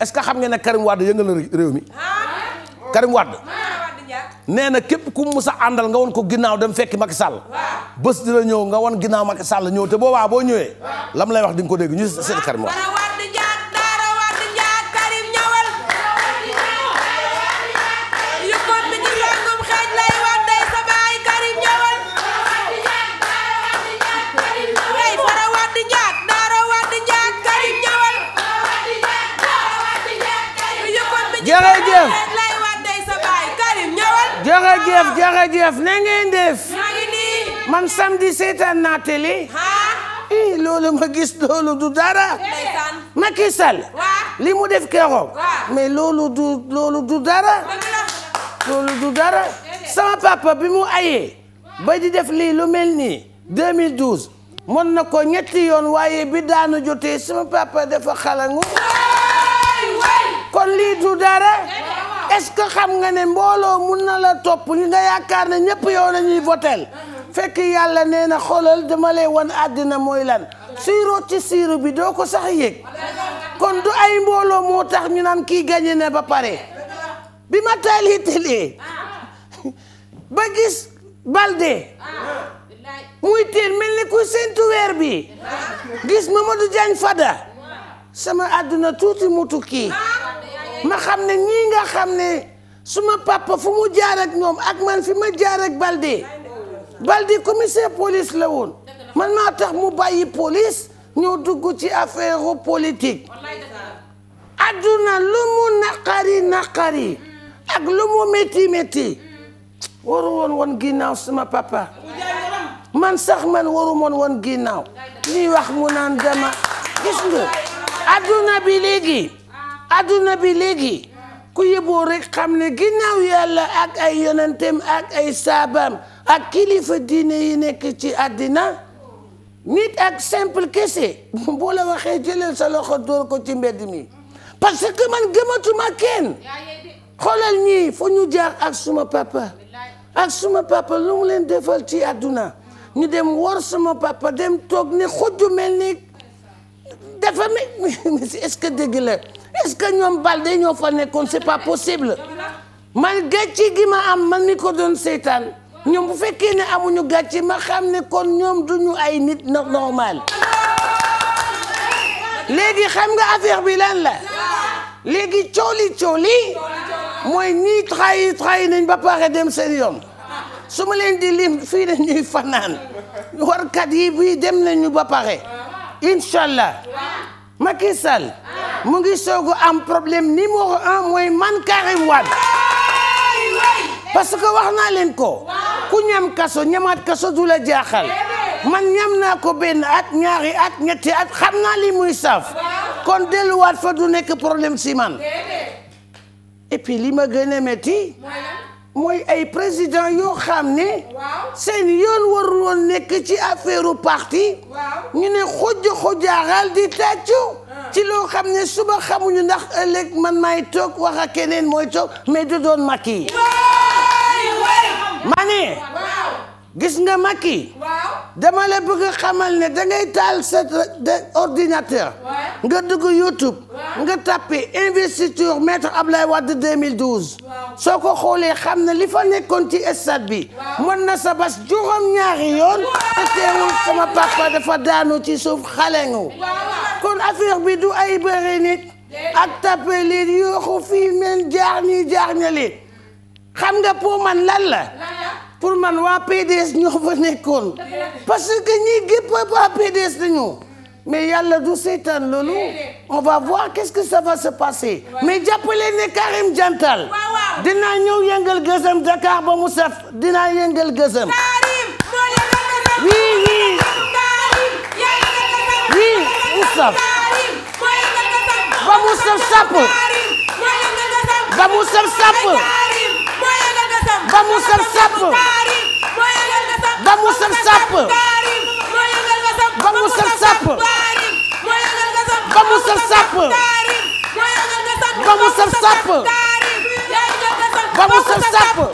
est-ce que xam ngeen ne Karim Wade yëngal na réew mi ah. Karim Wade ah, nee na képp ku musa àndal nga woon ko ginnaaw dem fekki Macky Sall bés dina ñëw nga woon ginnaaw Macky Sall ñëw te boobaa boo ñëwee lam lay wax di nga ko dégg ñu seet Karim Wade jërëjëf lay waddey sa baay Karim ñëwal jërëjëf jërëjëf na ngeen def man samedi seetaan naa télé i loolu ma gis loolu du dara Macky Sall li mu def keroog mais loolu du dara loolu du dara sama papa bi mu ayee ba di def lii lu mel nii 2012 mën na ko ñetti yoon waaye bi daanu jotee sama papa dafa xalangu du dara est-ce xam nga ne mbooloo mun na la topp li nga yaakaar ne ñëpp yow la voteel fekk yàlla nee na xoolal dama lay wan àddina mooy lan siiroo ci siiru bi doo ko sax yéeg kon du ay mbooloo moo tax ñu naan kii gañe ne ba pare bi ma tali télé ba gis Balde muy teel mel ni kuy séntu weer bi gis Mamadou Diagne Fada sama àdduna tuuti mu tukki ma xam ne ñii nga xam ne suma papa fu mu jaar ñoom ak man fi ma jaar ak Balde Balde commissaire police la woon man maa tax mu bàyyi police ñoo dugg ci affaire politique adduna lu mu naqari naqari ak lu mu métti métti waru woon woon ginnaaw suma papa man sax man waru woon woon ginnaaw ñuy wax mu naan dama gis nga adduna bi léegi adduna bi léegi ku yeboo rekk xam ne ginnaaw yàlla ak ay yonenteem ak ay saabaam ak kilifa diine yi nekk ci àddina nit ak simple kese boo la waxee jëlal sa loxo dóor ko ci mbedd mi parce que man gëmatuma kenn xoolal ñii fu ñu jaar ak suma papa ak suma papa lu mu leen defal ci àdduna ñu dem war suma papa dem toog ne xujju mel ni dafa mi est-ce que dégg la est-ce que ñoom Balde ñoo fa nekkoon c'est pas possible man gàcce gi ma am man mi ko doon seytaan ñoom bu fekkee ne amuñu gàcce ma xam ne kon ñoom duñu ay nit normal léegi xam nga affaire bi lan la léegi cooli cooli mooy ñii trahi trahi nañ ba pare dem seen yoon su ma leen di lim fii na ñuy fanaan warkat yi bii dem nañu ba pare incha allah Macky Sall mu ngi soog am problème numéro un mooy man Karim Wade parce que wax naa leen ko ku ñam kaso ñamaat kaso du la jaaxal man ñam naa ko benn at ñaari at ñetti at xam naa li muy saf kon delluwaat fa du nekk problème si man et puis li ma gën a métti mooy ay président yoo xam ne seen yoon warul nekk ci affaire parti ñu ne xujj xujjaaral di tàccu ci loo xam ne suba xamuñu ndax ëllëg man maay toog wax ak keneen mooy toog mais du doon Macky. ma ne. gis nga mag yi dama la bëgg xamal ne dangay taal sa ordinateur. nga dugg YouTube. nga tapé investiture maître Ablaye Wade 2012. soo ko xoolee xam ne li fa nekkoon ci stade bi. mën na sa bas juróom-ñaari yoon. te teewul sama papa dafa daanu ci suuf xale nga kon affaire bi du ay bëri nit ak tappalin yooxu fii men jaar ñi jaar ñali xam nga pour man lan la pour man waa PDS ñoo fa nekkoon parce que ñi gépp waa PDS dañu mais yàlla du seetaan loolu on va voir qu'est-ce que ça va se passer mais jàppale ne Karim Jantal dinaa ñëw yëngal gësëm Dakar ba mu saf dinaa yëngal gësëm saf ba mu saf sàpp ba mu saf sàpp